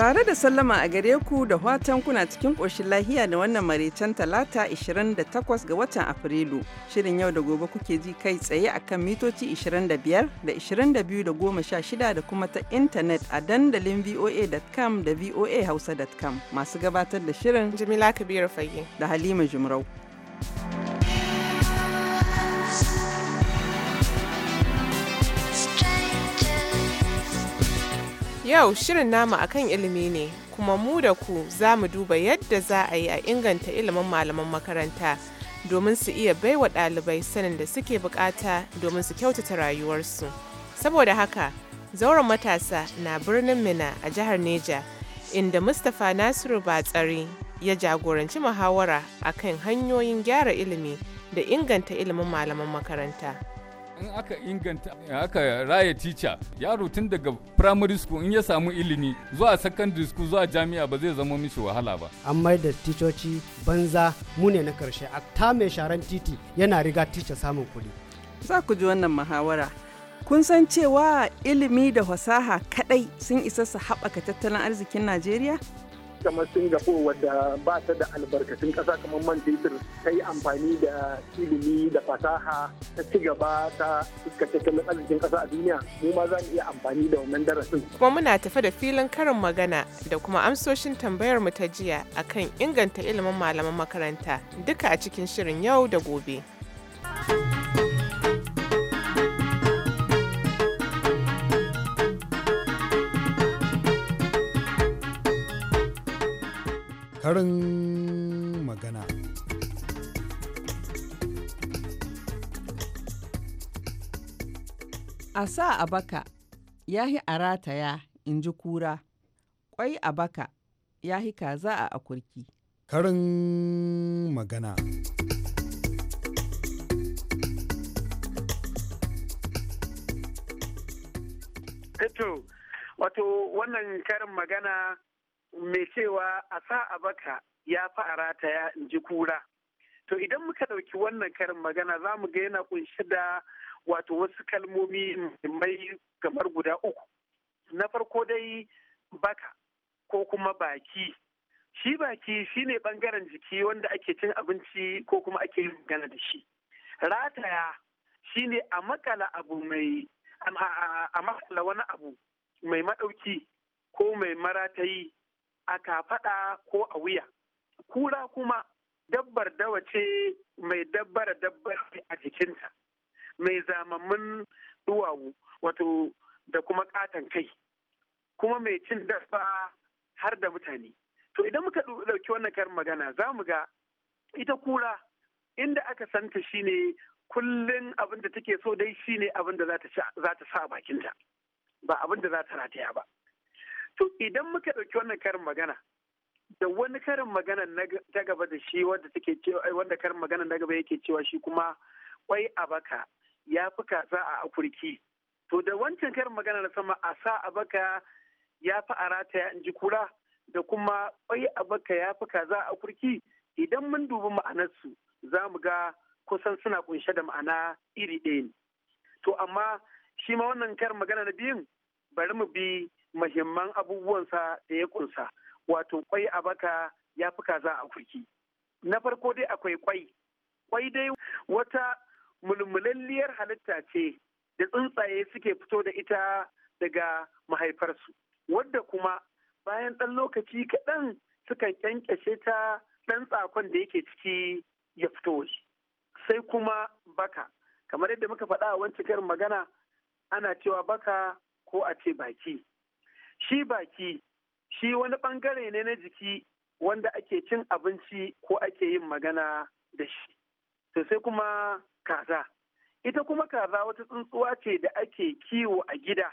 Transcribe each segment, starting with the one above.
Tare da sallama a gare ku da watan kuna cikin ƙoshin lahiya da wannan maraicen talata 28 ga watan Afrilu. Shirin yau da gobe kuke ji kai tsaye a kan mitoci 25 da 22 da 16 da kuma ta intanet a dandalin voa.com da voahausa.com masu gabatar da shirin jimila Kabiru Fage da Halima Jumrau. Yau shirin namu akan ilimi ne kuma mu da ku za mu duba yadda za a yi a inganta ilimin malaman makaranta domin su iya baiwa ɗalibai sanin da suke bukata domin su kyautata rayuwarsu. Saboda haka, zauren matasa na birnin Mina a jihar Neja, inda Mustapha Nasiru Batsari ya jagoranci muhawara akan hanyoyin gyara ilimi da inganta ilimin malaman makaranta. in aka inganta aka raya teacher yaro tun daga primary school in ya samu ilimi zuwa secondary school zuwa jami'a ba zai zama mishi wahala ba an mai da ticoci banza mune na karshe a ta mai sharan titi yana riga teacher samun kuɗi za ku ji wannan muhawara kun san cewa ilimi da fasaha kadai sun isa su haɓaka tattalin arzikin najeriya kamar singapore wadda ba ta da albarkatun ƙasa kamar man titir ta yi amfani da ilimi da fasaha ta ci gaba ta fuskace tattalin arzikin kasa a duniya mu ma za mu iya amfani da wannan darasin. kuma muna tafe da filin karin magana da kuma amsoshin tambayar mu ta jiya akan inganta ilimin malaman makaranta duka a cikin shirin yau da gobe. karin magana. A sa a baka ya yi a rataya in ji kura, kwai a baka ya hi kaza a akurki. Karin magana. Eto, wato wannan karin magana mai cewa a sa a baka ya fi a rataya in ji kura to idan muka ɗauki wannan karin magana za mu ga yana kunshi da wato wasu kalmomi mai kamar guda uku na farko dai baka ko kuma baki shi baki shi ne ɓangaren jiki wanda ake cin abinci ko kuma ake yin magana da shi rataya shine a makala abu mai a makala wani abu mai maɗauki ko mai maratayi a kafaɗa ko a wuya kura kuma dabbar dawa ce mai dabbara dabbar a jikinta mai zamammin duwawu wato da kuma katon kai kuma mai cin dabba har da mutane to idan muka ɗauki wannan karin magana za mu ga ita kura inda aka santa shine kullum abin da take so dai shine abin da za ta sa bakinta ba abin da za ta rataya ba to idan muka ɗauki wannan karin magana da wani karin magana ta gaba da shi wanda take cewa wanda karin magana na gaba yake cewa shi kuma kwai a baka ya fi kaza a akurki to da wancan karin magana na sama a sa a baka ya fi a rataya in ji kura da kuma kwai a baka ya fi kaza a akurki idan mun dubi ma'anarsu za mu ga kusan suna kunshe da ma'ana iri ɗaya ne to amma shi ma wannan karin magana na biyun bari mu bi mahimman abubuwansa da ya kunsa wato kwai a baka ya fi kaza a kurki na farko dai akwai kwai kwai dai wata mulmulalliyar halitta ce da tsuntsaye suke fito da ita daga mahaifarsu wadda kuma bayan ɗan lokaci kaɗan sukan ƙyanƙyashe ta ɗan tsakon da yake ciki ya fito sai kuma baka kamar yadda muka faɗa a wancan karin magana ana cewa baka ko a ce baki shi baki shi wani bangare ne na jiki wanda ake cin abinci ko ake yin magana da shi to sai kuma kaza ita kuma kaza wata tsuntsuwa ce da ake kiwo a gida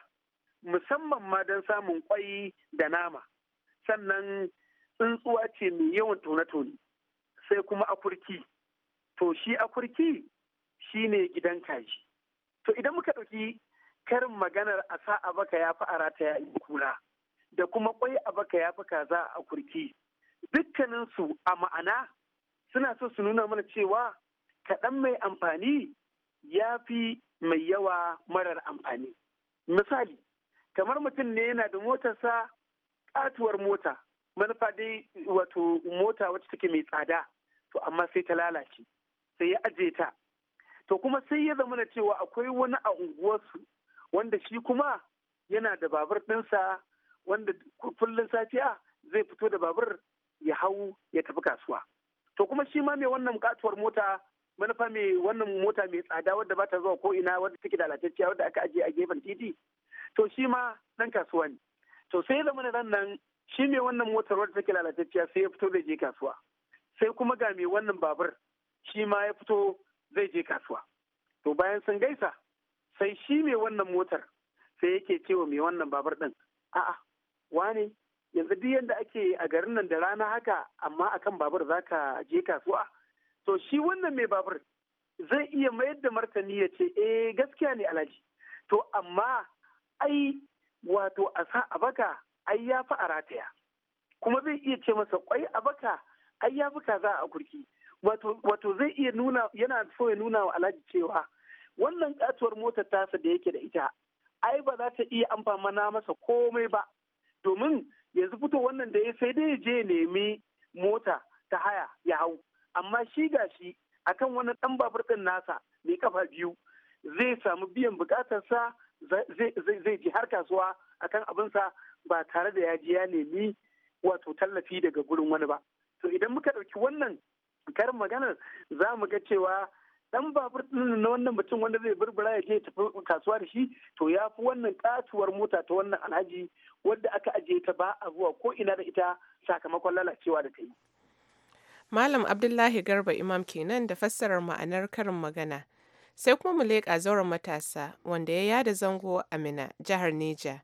musamman ma don samun kwai da nama sannan tsuntsuwa ce mai yawan tone-tone sai kuma akurki to shi akurki shi ne gidan kaji to idan muka ɗauki karin maganar a sa a baka ya fi a rata ya yi kura da kuma kwai a baka ya fi kaza a kurki dukkaninsu a ma'ana suna so su nuna mana cewa kaɗan mai amfani ya fi mai yawa marar amfani misali kamar mutum ne yana da motarsa ƙatuwar mota manufa dai wato mota wacce take mai tsada to amma sai ta lalace sai ya aje ta to kuma sai ya zama cewa akwai wani a unguwarsu wanda shi kuma yana da babur ɗinsa wanda kullum safiya zai fito da babur ya hau ya tafi kasuwa to kuma shi ma mai wannan katuwar mota manufa mai wannan mota mai tsada wadda ba ta zuwa ko ina wadda take lalatacciya wadda aka ajiye a gefen titi to shi ma dan kasuwa ne to sai zama na ran nan shi mai wannan motar wadda take lalatacciya sai ya fito zai je kasuwa sai kuma ga mai wannan babur shi ma ya fito zai je kasuwa to bayan sun gaisa sai shi mai wannan motar sai yake cewa mai wannan babur ɗin? a'a wane yanzu duk yadda ake a garin nan da rana haka amma akan babur zaka je kasuwa to shi wannan mai babur zai iya mayar da martani ya ce eh gaskiya ne alhaji to amma ai wato a sa a baka ai ya fi a rataya kuma zai iya ce masa kwai a baka ai ya fi kaza a kurki wato zai iya nuna yana so ya nuna wa alhaji cewa wannan katuwar motar tasa da yake da ita ai ba za ta iya amfana masa komai ba domin yanzu fito wannan da ya sai dai je nemi mota ta haya ya hau amma shi ga gashi akan wani dan babur din nasa mai kafa biyu zai samu biyan sa zai ji har kasuwa akan abinsa ba tare da ya ji ya nemi wato tallafi daga gurin wani ba to idan muka ɗauki wannan karin maganar za mu ga cewa dan babur din na wannan mutum wanda zai burbura ya je tafi kasuwa da shi to ya fi wannan katuwar mota ta wannan alhaji wadda aka ajiye ta ba a zuwa ko ina da ita sakamakon lalacewa da ta yi. Malam Abdullahi Garba Imam kenan da fassarar ma'anar karin magana. Sai kuma mu leƙa zauren matasa wanda ya yada zango Amina, jihar Neja.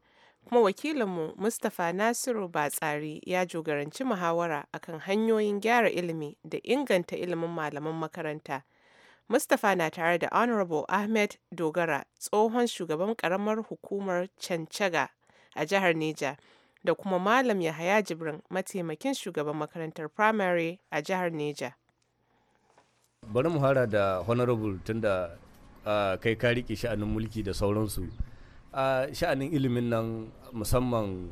Kuma wakilinmu Mustapha Nasiru Batsari ya jogaranci muhawara akan hanyoyin gyara ilimi da inganta ilimin malaman makaranta Mustapha na tare da Honorable Ahmed Dogara, tsohon shugaban karamar hukumar Cancaga a jihar Neja, da kuma Malam Yahaya Jibrin, mataimakin shugaban makarantar Primary a jihar Neja. Bari mu hara da Honorable tunda uh, kai ka riƙe sha'anin mulki da sauransu. Uh, sha'anin ilimin nan musamman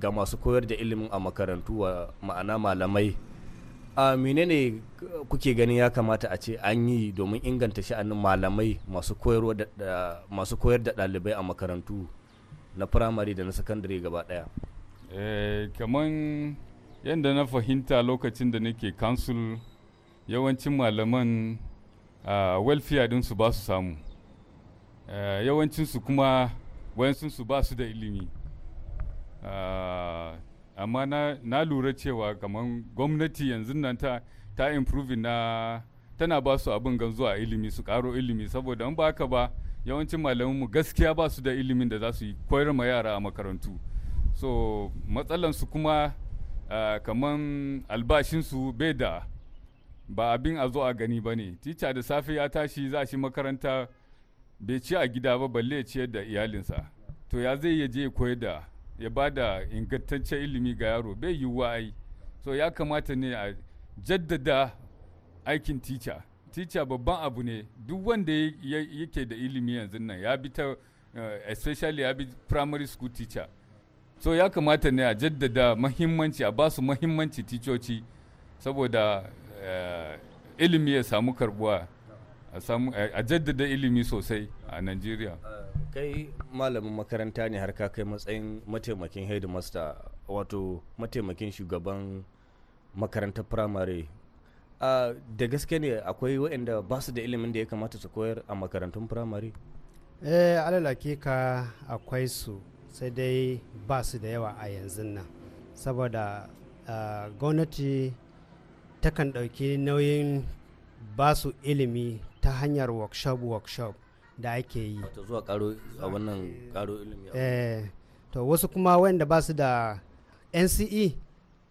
ga masu koyar da ilimin a makarantu wa ma'ana malamai. a menene kuke ganin ya kamata a ce an yi domin inganta sha'anin malamai masu koyar da ɗalibai a makarantu na firamare da na sakandare gaba ɗaya eh, kamar yadda na fahimta lokacin da nake kansul yawancin malaman welfare dinsu ba su samu yawancinsu kuma wayansu ba su da ilimi amma na, lura cewa kamar gwamnati yanzu nan ta, ta improve na tana ba su abin gan zuwa ilimi su karo ilimi saboda in ba haka ba yawancin mu gaskiya ba su da ilimin da za su yi koyar ma yara a makarantu so matsalansu kuma uh, kamar albashinsu bai da ba abin a zo a gani ba ne tica da safe ya tashi za shi makaranta bai ci a gida ba balle ya ciyar da iyalinsa to ya zai ya je koyar da ya ba da ingantaccen ilimi ga yaro bai yiwuwa ai so ya kamata ne a jaddada aikin ticca ticca babban abu ne duk wanda yake da ilimi yanzu nan ya bi ta eh, especially ya bi primary school teacher so ya kamata ne a jaddada mahimmanci a ba su mahimmanci ticoci saboda eh, ilimi ya samu karbuwa a jaddada ilimi sosai a nigeria kai malamin makaranta ne har ka kai matsayin mataimakin headmaster wato mataimakin shugaban makarantar primary uh, da gaske ne akwai waɗanda ba su da ilimin da ya kamata su koyar a makarantun firamare? eh ka akwai su sai dai ba su da yawa a yanzu nan saboda uh, gwamnati takan ɗauki nauyin ba su ilimi ta hanyar workshop workshop da ake yi a eh, to wasu kuma wanda ba su da NCE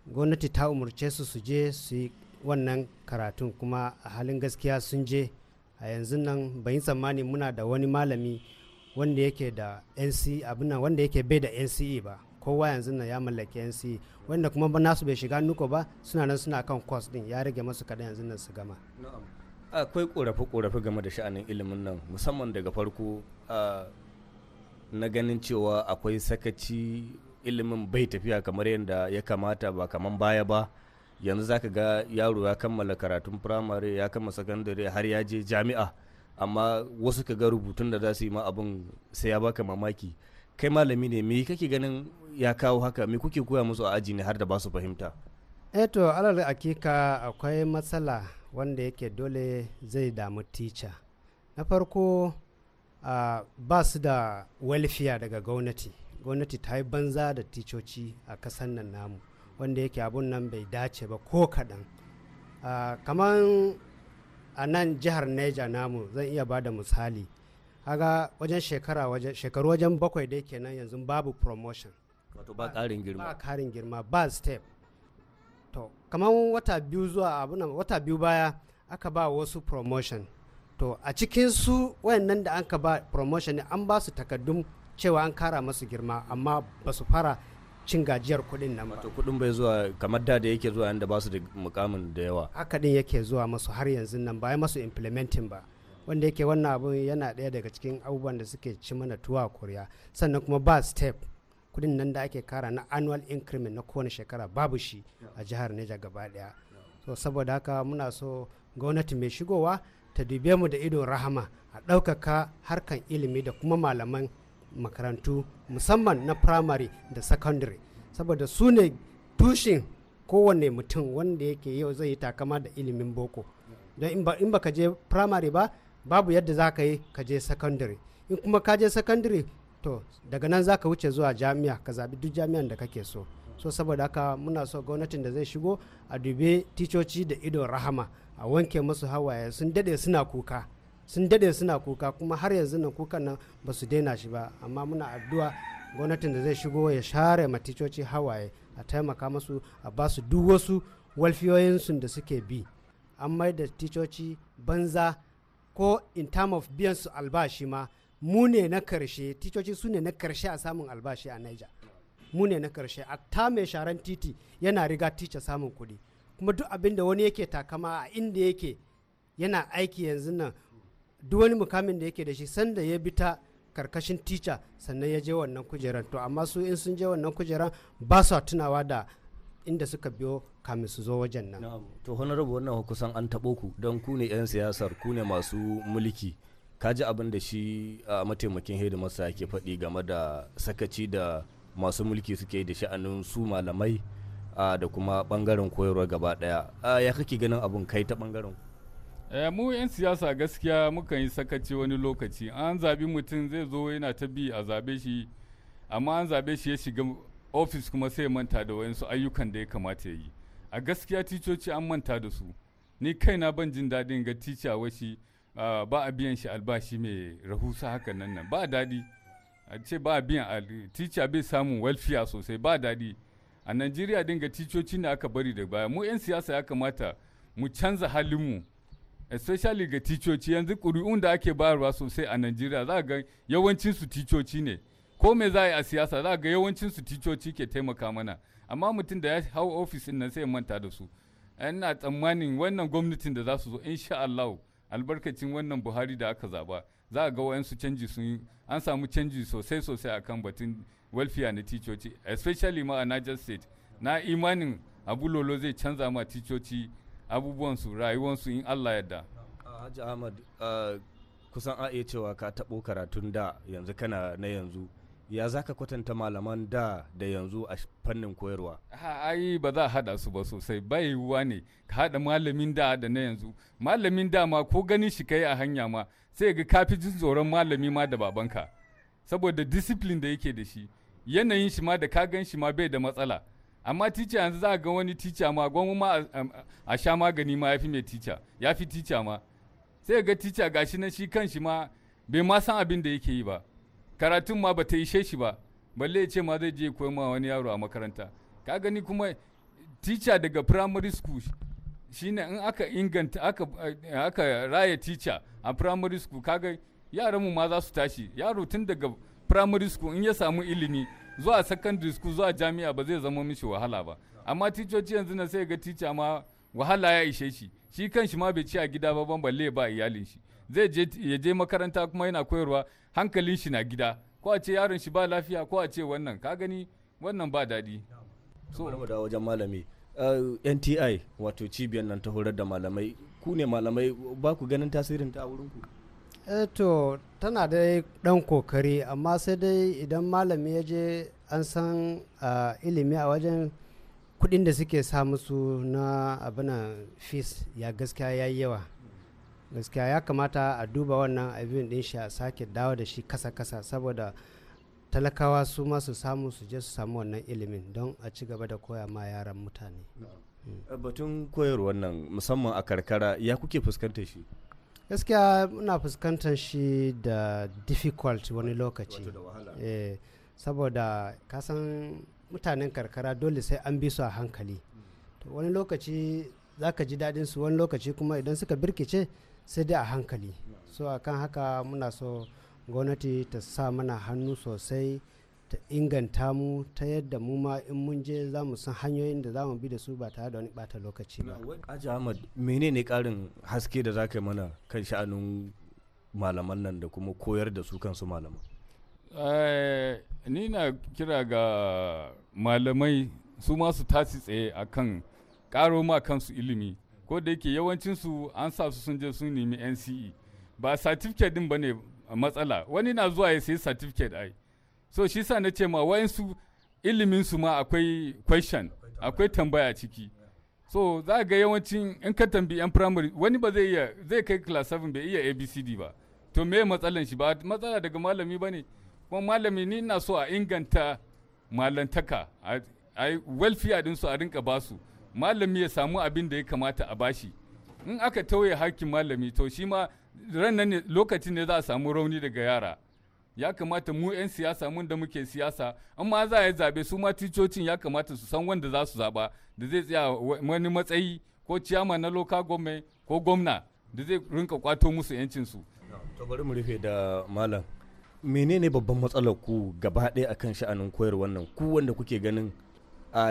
gwamnati ta umarce su su je su yi wannan karatun kuma a halin gaskiya sun je a yanzu nan bayin tsammani muna da wani malami wanda yake da NC e, abin wanda yake bai da NCE ba kowa yanzu nan ya mallake NCE wanda kuma nasu bai shiga nuko ba suna nan suna kan kwas din ya rage masu kaɗan yanzu nan su gama akwai korafe-korafe game da sha'anin ilimin nan musamman daga farko na ganin cewa akwai sakaci ilimin bai tafiya kamar yadda ya kamata ba kamar baya ba yanzu zaka ga yaro ya kammala karatun firamare ya kama sakandare har ya je jami'a amma wasu ka ga rubutun da za su yi ma abin sai ya baka mamaki kai malami ne me kake ganin ya kawo haka me kuke koya musu a aji ne har da ba su fahimta eto eh alal akika akwai matsala wanda yake dole zai damu tica na farko uh, ba su da welfare daga gwamnati gwamnati ta yi banza da ticoci a kasan nan namu wanda yake abun nan bai dace ba ko kaɗan uh, kamar a nan jihar neja namu zan iya ba da misali haga wajen shekara wajen shekaru wajen bakwai dai kenan yanzu babu promotion wato ba ƙarin girma ba karin girma ba step kamar wata biyu zuwa abuna wata biyu baya aka ba wasu promotion to a cikin su wayannan da ka ba promotion an ba su takaddun cewa an kara masu girma amma ba su fara cin gajiyar kuɗin nan ba. Wato bai zuwa kamar da da yake zuwa yanda ba su da mukamin da yawa. Haka din yake zuwa masu har yanzu nan ba masu implementing ba. Wanda yake wannan abun yana daya daga cikin abubuwan da suke ci mana tuwa kuriya sannan kuma ba step kudin nan da ake kara na annual increment na kowane shekara babu shi a jihar neja gaba daya so saboda haka muna so gwamnati mai shigowa ta dube mu da ido rahama a ɗaukaka harkan ilimi da kuma malaman makarantu musamman na primary da secondary saboda su ne tushen kowane mutum wanda yake yau zai yi takama da ilimin boko don in ka je primary ba babu yadda za ka yi ka je secondary in kuma ka je secondary to daga nan za ka wuce zuwa jami'a ka zaɓi duk jami'an da kake so so saboda haka muna so gwamnatin da zai shigo a dube ticoci da idon rahama a wanke musu hawaye sun dade suna kuka sun dade suna kuka kuma har yanzu nan kukan nan ba su daina shi ba amma muna addu'a gwamnatin da zai shigo ya share ma ticoci hawaye a taimaka musu a ba su duk wasu walfiyoyin walfiyoyinsu da suke bi an mai da ticoci banza ko in term of biyan su albashi ma mu ne na karshe ticoci su ne na karshe a samun albashi a Niger mu ne na karshe a ta mai sharan titi yana riga tica samun kuɗi kuma duk abin da wani yake takama a inda yake yana aiki yanzu nan duk wani mukamin da yake da shi sanda ya bi ta karkashin tica sannan ya je wannan kujeran to amma su in sun je wannan kujeran ba su tunawa da inda suka biyo kamin su zo wajen nan to honorable wannan kusan an taɓo ku don ku ne 'yan siyasar ku ne masu mulki ka ji abin da shi a mataimakin hedimasta yake faɗi game da sakaci da masu mulki suke da sha'anin su malamai da kuma bangaren koyarwa gaba daya ya kake ganin abin kai ta bangaren eh, mu 'yan siyasa gaskiya muka yi sakaci wani lokaci an zabi mutum zai zo yana ta bi a zabe shi amma an zabe shi ya shiga ofis kuma sai manta da wayansu ayyukan da ya kamata ya yi a gaskiya ticoci an manta da su ni kaina ban jin daɗin ga tica washi Ah, ba a biyan shi albashi mai rahusa haka nan nan ba daɗi a ce ba a biyan teacher bai samun welfare sosai ba daɗi a najeriya dinga ticoci da aka bari da baya mu 'yan siyasa ya kamata mu canza halinmu especially ga ticoci yanzu ƙuri'un da ake bayarwa sosai a najeriya za ga yawancinsu ticoci ne ko me za a a siyasa za ga yawancinsu ticoci ke taimaka mana amma mutum da ya hau ofis nan sai manta da su ina tsammanin wannan gwamnatin da za su zo insha Allah albarkacin wannan buhari da aka zaba za a ga wayansu canji sun yi an samu canji sosai sosai kan batun welfare na ticoci especially ma a niger state na imanin abu lolo zai canza ma ticoci abubuwansu rayuwansu in allah yadda Haji Ahmad kusan a iya cewa ka taɓo karatun da yanzu kana na yanzu ya za ka kwatanta malaman da da yanzu a fannin koyarwa ai ba za a haɗa su ba sosai bai yiwuwa ne ka haɗa malamin da da na yanzu malamin da ma ko ganin shi kai a hanya ma sai ga kafi jin tsoron malami ma da babanka saboda discipline da yake da shi yanayin shi ma da ka gan shi ma bai da matsala amma tica yanzu za ga wani tica ma gwamnati ma a sha magani ma ya fi mai tica ya fi tica ma sai ga tica gashi na shi kan shi ma bai ma san abin da yake yi ba karatun ma ba ta yi shi ba balle ya ce ma zai je koyi ma wani yaro a makaranta ka gani kuma teacher daga primary school shine in aka inganta aka aka raya teacher a primary school kaga yaran mu ma za su tashi yaro tun daga primary school in ya samu ilimi zuwa secondary school zuwa jami'a ba zai zama mishi wahala ba amma ticoci yanzu na sai ga teacher ma wahala ya ishe shi shi kan shi ma bai ci a gida ba ban balle ba iyalin shi zai je ya je makaranta kuma yana koyarwa hankalin shi na gida ko a ce yaron shi ba lafiya ko a ce wannan ka gani wannan ba daɗi so da wajen malami eh, NTI wato cibiyar nan ta horar da malamai ku ne malamai ba ku ganin tasirin ta a wurin ku eh, to tana da dan kokari amma sai dai idan malami ya je an san eh, ilimi a wajen kudin da suke sa musu na abinan fees ya gaskiya ya yi yawa gaskiya ya kamata a duba wannan abin din shi a sake dawo da shi kasa-kasa saboda talakawa su ma su samu su je su samu wannan ilimin don a ci gaba da koya ma yaran mutane eh, batun koyarwar nan musamman a karkara ya kuke fuskantar shi gaskiya muna fuskantar shi da difficult wani lokaci eh, saboda kasan mutanen karkara dole sai an bi su a hankali hmm. wani lokaci za ka ji daɗin su wani lokaci kuma idan suka birkice sai dai a hankali so a kan haka muna so gwamnati ta sa mana hannu sosai ta inganta mu ta yadda mu ma in mun je za mu san hanyoyin da za mu bi da su ba tare da wani bata lokaci ba. Aji Ahmad ne karin haske da za ka yi mana kan sha'anin malaman nan da kuma koyar da su kansu malaman? Eh, ni na kira ga malamai su masu tasi tsaye a kan karo ma kansu ilimi ko da yake yawancinsu an sa su sun je sun nemi nce ba certificate din ba ne matsala wani na zuwa ya sayi certificate ai so shi sa na ce ma wayansu ilimin su ma akwai question akwai tambaya ciki so za ga yawancin in ka tambi yan primary wani ba zai iya zai kai class 7 bai iya abcd ba to me matsalan shi ba matsala daga malami ba ne kuma malami ni na so a inganta malantaka a welfare din su a rinka basu malami ya samu abin da ya kamata a bashi in aka tauye hakkin malami to shi ma ran ne lokacin ne za a samu rauni daga yara ya kamata mu 'yan siyasa mun da muke siyasa amma za a yi zabe su ma ticocin ya kamata su san wanda za su zaba da zai tsaya wani matsayi ko ciyama na local government ko gwamna da zai rinka kwato musu 'yancinsu. to bari mu rufe da malam menene babban matsalar ku gaba ɗaya akan sha'anin koyar wannan ku wanda kuke ganin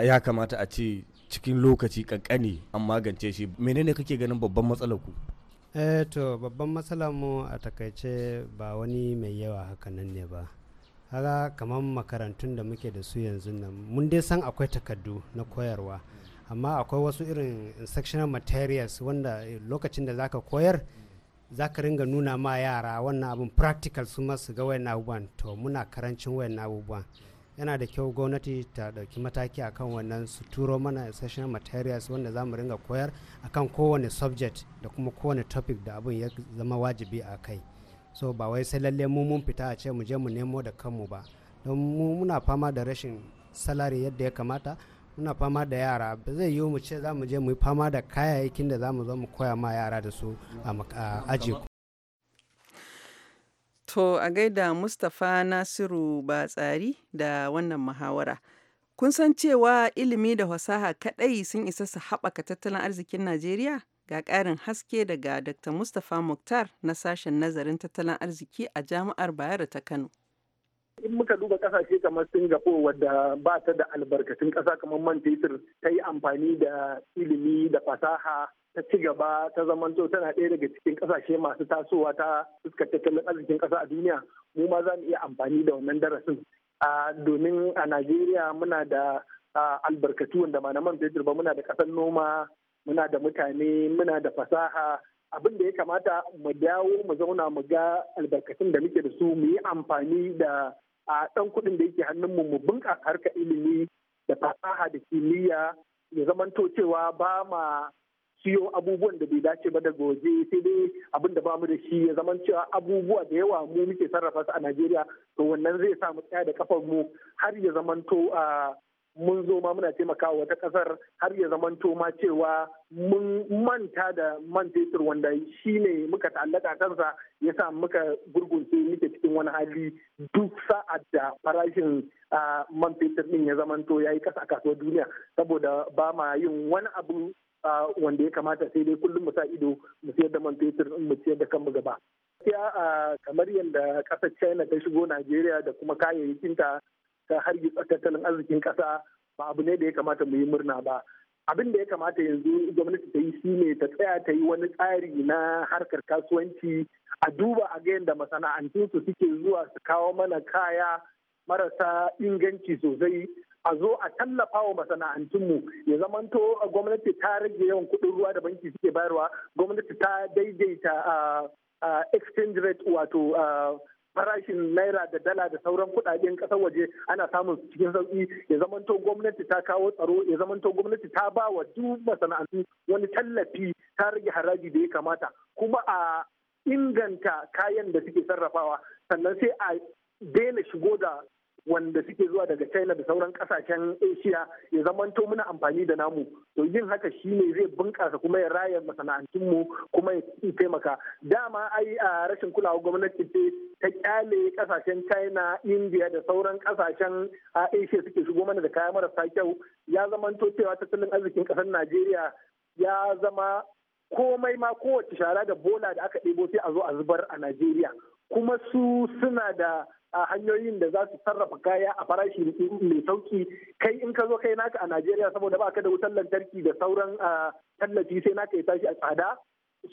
ya kamata a ce cikin lokaci kankani an magance shi menene kake ganin babban matsalar ku eh to babban matsalar mu a takaice ba wani mai yawa haka nan ne ba haka kamar makarantun da muke da su yanzu nan mun dai san akwai takardu na koyarwa amma akwai wasu irin instructional materials wanda eh, lokacin da zaka koyar za ka ringa nuna ma yara wannan abin practical su masu ga wayan abubuwan to muna karancin wayan abubuwan yana da kyau gwamnati ta ɗauki mataki akan wannan su turo mana essential materials wanda za mu ringa koyar akan kowane subject da kuma kowane topic da abin ya zama wajibi a kai so ba wai sai lalle mu mun fita a ce mu je mu nemo da kanmu ba don mu muna fama da rashin salari yadda ya kamata muna fama da yara ba zai yiwu mu ce za mu je mu yi fama da kayayyakin da za mu zo mu koya ma yara da su a aji To a gaida Mustapha Nasiru Batsari da wannan muhawara. Kun san cewa ilimi da fasaha kaɗai sun isa su haɓaka tattalin arzikin Najeriya? Ga ƙarin haske daga Dr. Mustapha Mukhtar na sashen nazarin tattalin arziki a Jami'ar Bayero ta Kano. in muka duba kasashe kamar singapore wadda ba ta da albarkatun ƙasa kamar man ta yi amfani da ilimi da fasaha ta ci gaba ta zamanto tana ɗaya daga cikin ƙasashe masu tasowa ta fuskar tattalin arzikin ƙasa a duniya mu ma za mu iya amfani da wannan darasin domin a najeriya muna da albarkatu wanda malaman zai ba muna da ƙasar noma muna da mutane muna da fasaha abin da ya kamata mu dawo mu zauna mu ga albarkatun da muke da su mu yi amfani da a ɗan kuɗin da yake hannunmu mu bunƙasa harkar ilimi da fasaha da kimiyya ya zamanto cewa ba ma siyo abubuwan da bai dace ba daga waje sai dai abin da bamu da shi ya zaman cewa abubuwa da yawa mu muke sarrafa su a Najeriya to wannan zai sa mu tsaya da kafar mu har ya zamanto a mun zo ma muna taimakawa wata kasar har ya zamanto ma cewa mun manta da man fetur wanda shi ne muka ta'allaka kansa ya sa muka gurgunce muke cikin wani hali duk sa'ad da farashin man fetur din ya zamanto ya yi kasa kasuwar duniya saboda ba ma yin wani abu wanda ya kamata sai dai kullum mu sa ido mu siyar da man fetur in mu siyar da mu gaba. Gaskiya kamar yadda ƙasar China ta shigo Najeriya da kuma kayayyakinta ta hargitsa tattalin arzikin ƙasa ba abu ne da ya kamata mu yi murna ba. Abin da ya kamata yanzu gwamnati ta yi shi ne ta tsaya ta yi wani tsari na harkar kasuwanci a duba a ga yadda masana'antunsu suke zuwa su kawo mana kaya marasa inganci sosai a zo a tallafa wa masana'antunmu ya zamanto uh, gwamnati ta rage yawan kuɗin ruwa da banki suke bayarwa gwamnati ta daidaita uh, uh, exchange rate wato farashin naira da dala da sauran kudaden kasar waje ana samun su cikin sauki ya zamanto gwamnati ta kawo tsaro ya zamanto gwamnati ta ba wa duk masana'antu wani tallafi ta rage haraji da ya kamata kuma a inganta kayan da suke sarrafawa sannan sai a daina shigo da wanda suke zuwa daga china da sauran kasashen asia ya zamanto muna amfani da namu to yin haka shine zai bunƙasa kuma ya raya masana'antunmu kuma ya taimaka dama ai a rashin kulawa gwamnati ce ta kyale kasashen china india da sauran kasashen asia suke shigo mana da kaya marasa kyau ya zamanto cewa tattalin arzikin kasar najeriya ya zama komai ma kowace shara da bola da aka ɗebo sai a zo a zubar a najeriya kuma su suna da a hanyoyin da za su sarrafa kaya a farashi mai sauki kai in ka zo kai naka a Najeriya saboda ba ka da wutar lantarki da sauran tallafi sai naka ya tashi a tsada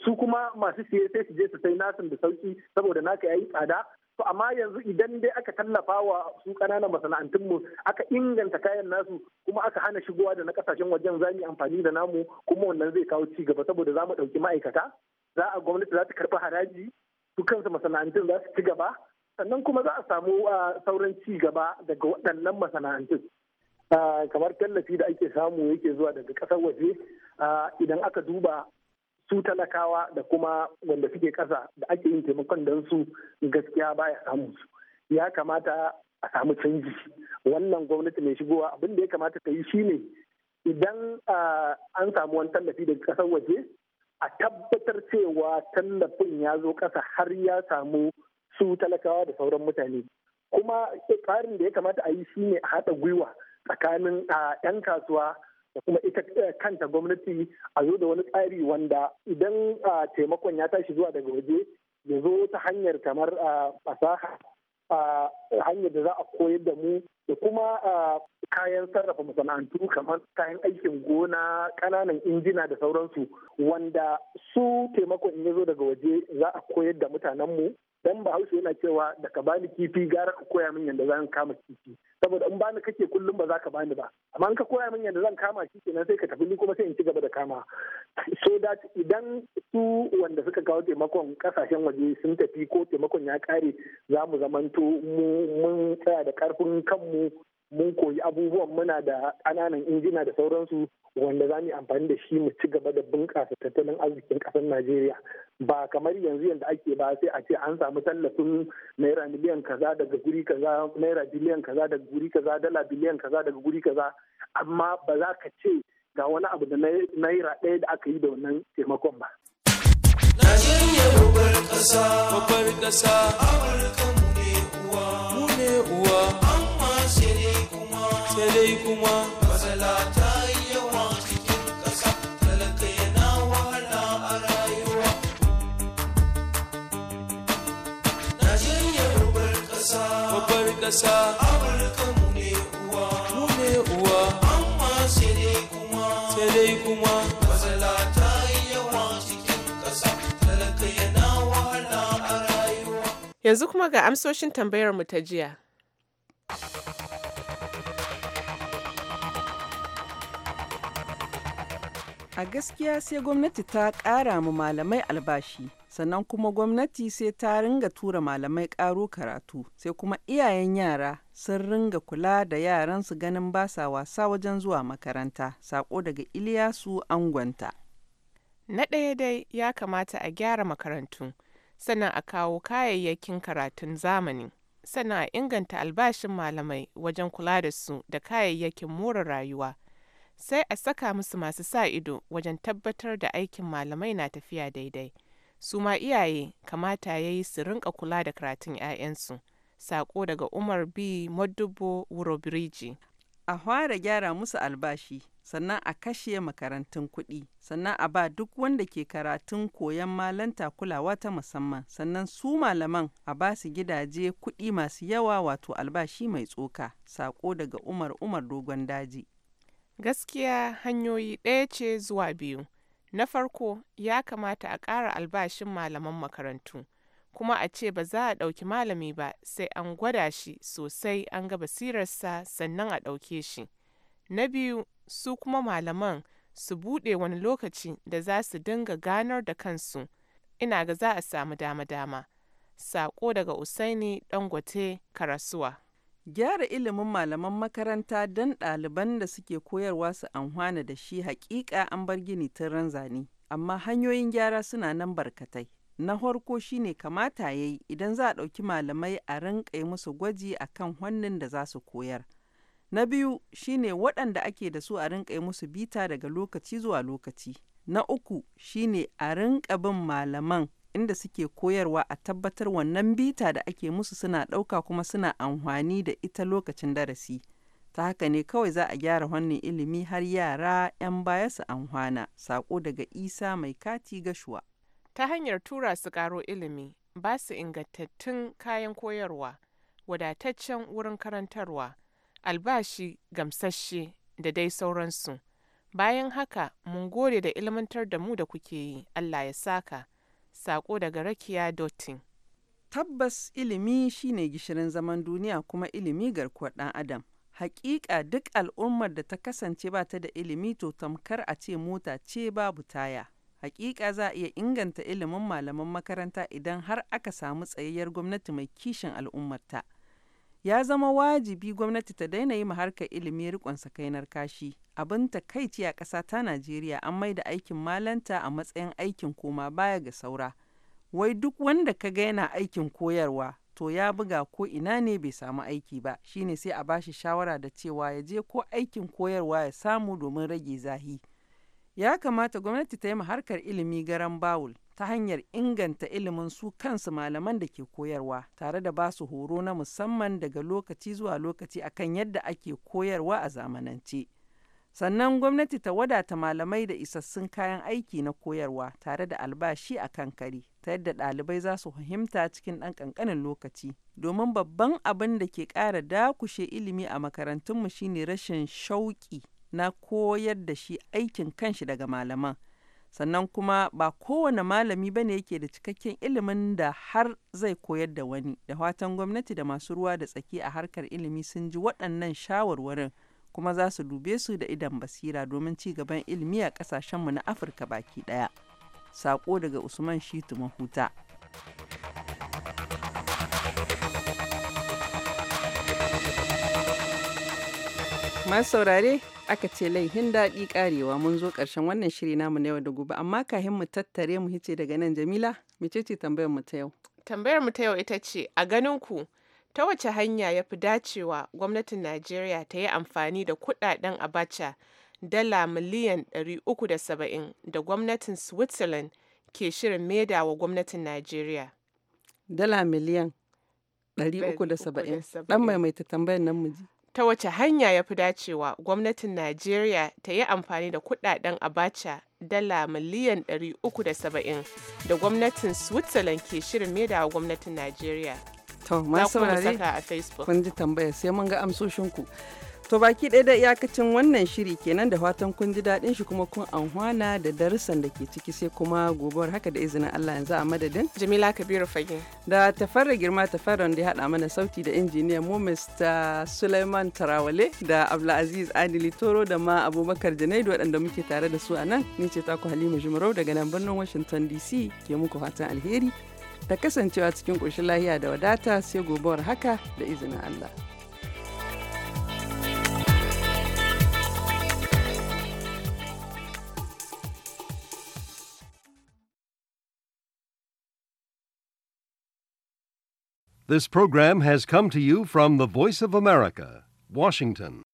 su kuma masu siye sai su je su sai nasin da sauki saboda naka ya yi tsada to amma yanzu idan dai aka tallafa wa su ƙananan mu aka inganta kayan nasu kuma aka hana shigowa da na kasashen wajen za mu amfani da namu kuma wannan zai kawo ci gaba saboda za mu ɗauki ma'aikata za a gwamnati za ta karɓi haraji su kansu masana'antun za su ci gaba sannan kuma za a samu ah, sauran ci gaba daga waɗannan masana'antun ah, kamar tallafi da ake samu yake zuwa daga ƙasar waje ah, idan aka duba su talakawa da kuma wanda suke ƙasa da ake yin taimakon don su gaskiya baya samu su ya kamata a samu canji wannan gwamnati mai shigowa abin da ya kamata ta yi shine idan an samu wani tallafi daga ƙasar waje a tabbatar cewa tallafin ya zo ƙasa har ya samu su talakawa da sauran mutane kuma tsarin da ya kamata a yi shine a haɗa gwiwa tsakanin 'yan kasuwa da kuma ita eh, kanta gwamnati a zo da wani tsari wanda idan taimakon ya tashi zuwa daga waje ya zo ta hanyar kamar fasaha hanyar da za a koyar da mu da kuma kayan sarrafa masana'antu kamar kayan aikin gona kananan injina da sauransu wanda su taimakon ya zo daga waje za a koyar da mutanenmu dan bahaushe yana cewa da ka bani kifi gara ka koya min yadda zan kama kifi saboda in bani kake kullum ba za ka bani ba amma in ka koya min yadda zan kama shi kenan sai ka tafi ni kuma sai in ci gaba da kama so that idan su wanda suka kawo taimakon kasashen waje sun tafi ko taimakon ya kare za mu zamanto mun tsaya da karfin kanmu mun koyi abubuwan muna da ƙananan injina da sauransu wanda za mu amfani da shi mu ci gaba da bunƙasa tattalin arzikin ƙasar Najeriya ba kamar yanzu yadda ake ba sai a ce an samu tallafin naira miliyan kaza daga guri kaza naira biliyan kaza daga guri kaza dala biliyan kaza daga guri kaza amma ba za ka ce ga wani abu da naira ɗaya da aka yi da wannan taimakon ba. Najeriya babbar ƙasa, babbar ƙasa, kuma a rayuwa ƙasa babbar ƙasa mu ne yanzu kuma ga amsoshin tambayar mu ta jiya A gaskiya sai gwamnati ta ƙara ma malamai albashi, sannan kuma gwamnati sai ta ringa tura malamai ƙaro karatu, sai kuma iyayen yara sun ringa kula da yaran su ganin ba sa wasa wajen zuwa makaranta, sako daga Iliyasu Angonta. Na ɗaya dai ya kamata a gyara makarantu, sannan a kawo kayayyakin karatun zamani, sannan a inganta albashin malamai wajen kula da su da kayayyakin more rayuwa. sai a saka musu masu sa ido wajen tabbatar da aikin malamai na tafiya daidai su ma iyaye kamata ya yi su rinka kula da karatun 'ya'yansu sako daga umar b madubo wurobiriji a fara gyara musu albashi sannan a kashe makarantun kuɗi sannan a ba duk wanda ke karatun koyon malanta kulawa ta musamman sannan su malaman a ba su gidaje kuɗi masu yawa wato albashi mai tsoka sako daga umar umar dogon daji Gaskiya hanyoyi ɗaya ce zuwa biyu: na farko, ya kamata a ƙara albashin malaman makarantu, kuma a ce ba za a ɗauki malami ba sai an gwada shi sosai an ga basirarsa sannan a ɗauke shi; na biyu, su kuma malaman su buɗe wani lokaci da za su dinga ganar da kansu, ina ga za a samu dama-dama. Saƙo daga Usaini Dangote, Karasuwa. Gyara ilimin malaman makaranta don ɗaliban da suke koyarwa su anhwana da shi haƙiƙa an bar gini tun zane, amma hanyoyin gyara suna nan barkatai. Na farko shine kamata ya yi idan za a ɗauki malamai a rinƙa musu gwaji a kan hannun da za su koyar. Na biyu shine waɗanda ake da su a rinƙa musu bita daga lokaci zuwa lokaci. Na uku shine a rinƙa bin malaman inda suke koyarwa a tabbatar wannan bita da ake musu suna ɗauka kuma suna amfani da ita lokacin darasi. Ta haka ne kawai za a gyara wannan ilimi har yara 'yan baya su amfana. Sako daga Isa mai kati gashuwa. Ta hanyar tura su karo ilimi, ba su ingantattun kayan koyarwa, wadataccen wurin karantarwa, albashi gamsasshe da dai sauransu. Bayan haka, mun gode da ilmantar da mu da kuke yi, Allah ya saka. Sako daga Rakiya Dottin. Tabbas ilimi shine gishirin zaman duniya kuma ilimi garkuwar ɗan adam. Hakika duk al'ummar da ta kasance ba ta da ilimi to tamkar a ce mota ce babu taya. Hakika za a iya inganta ilimin malaman makaranta idan har aka samu tsayayyar gwamnati mai kishin al'ummarta. Ya zama wajibi gwamnati ta daina yi harkar ilimi riƙon kainar kashi. Abin takaici a ƙasa ta Najeriya an maida aikin malanta a matsayin aikin koma baya ga saura. Wai duk wanda ka ga yana aikin koyarwa to ya buga ko ina ne bai samu aiki ba shine sai a bashi shawara da cewa ya je ko aikin koyarwa ya samu domin rage zahi. Ya kamata gwamnati ta yi harkar ilimi garan bawul ta hanyar inganta ilimin su kansu malaman da ke koyarwa tare da basu horo na musamman daga lokaci zuwa lokaci akan yadda ake koyarwa a zamanance. sannan gwamnati ta wadata malamai da isassun kayan aiki na koyarwa tare da albashi a kan kari ta yadda ɗalibai za su fahimta cikin ɗan ƙanƙanin lokaci domin babban abin da ke ƙara dakushe ilimi a makarantunmu shine rashin shauƙi na koyar da shi aikin kanshi daga malaman sannan kuma ba kowane malami ba ne yake da cikakken ilimin da har zai koyar da wani da fatan gwamnati da masu ruwa da tsaki a harkar ilimi sun ji waɗannan shawarwarin kuma za su dube su da idan basira domin ci gaban ilimi a kasashenmu na afirka baki daya sako daga usman shitu mahuta masu saurare aka ce laihin daɗi ƙarewa mun zo ƙarshen wannan shiri namu na yau da gobe amma kahin mu tattare mu hice daga nan jamila mece ce tambayar mu ta yau tambayar mu ta yau ita ce a ganin ku ta wace hanya ya fi dacewa gwamnatin Najeriya ta yi amfani da kudaden Abacha dala miliyan 370 da gwamnatin Switzerland ke shirin maida wa gwamnatin Najeriya. Dala miliyan 370. Dan maimaita tambayar nan muji. Ta wace hanya ya fi dacewa gwamnatin Najeriya ta yi amfani da kudaden Abacha dala miliyan 370 da gwamnatin Switzerland ke shirin maida wa gwamnatin Najeriya. to ma saurari kun ji tambaya sai mun ga amsoshinku to baki ɗaya da iyakacin wannan shiri kenan da fatan kun ji daɗin shi kuma kun anhwana da darussan da ke ciki sai kuma gobar haka da izinin Allah yanzu a madadin Jamila Kabiru Fage da tafarra girma tafarra wanda ya haɗa mana sauti da injiniya mu Mr. Suleiman Tarawale da Abdulaziz Adili Toro da ma Abubakar Janaidu waɗanda muke tare da su a nan ni ce taku Halima Jumarau daga nan birnin Washington DC ke muku fatan alheri da kasancewa cikin ƙoshin lahiya da wadata sai haka da izinin Allah. This program has come to you from the Voice of America, Washington.